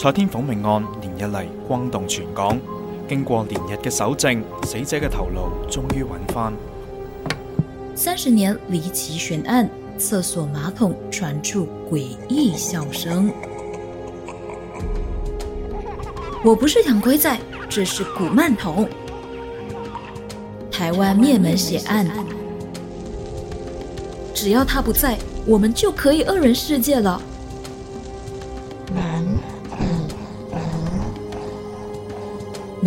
蔡天鳳命案連日嚟轟動全港，經過連日嘅搜證，死者嘅頭顱終於揾翻。三十年離奇懸案，廁所馬桶傳出詭異笑聲。我不是養鬼仔，這是古曼童。台灣滅門血案，只要他不在，我們就可以二人世界了。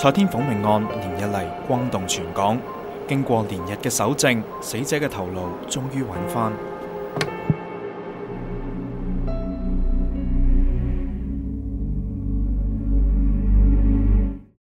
蔡天鳳命案連日嚟轟動全港，經過連日嘅搜證，死者嘅頭顱終於揾翻。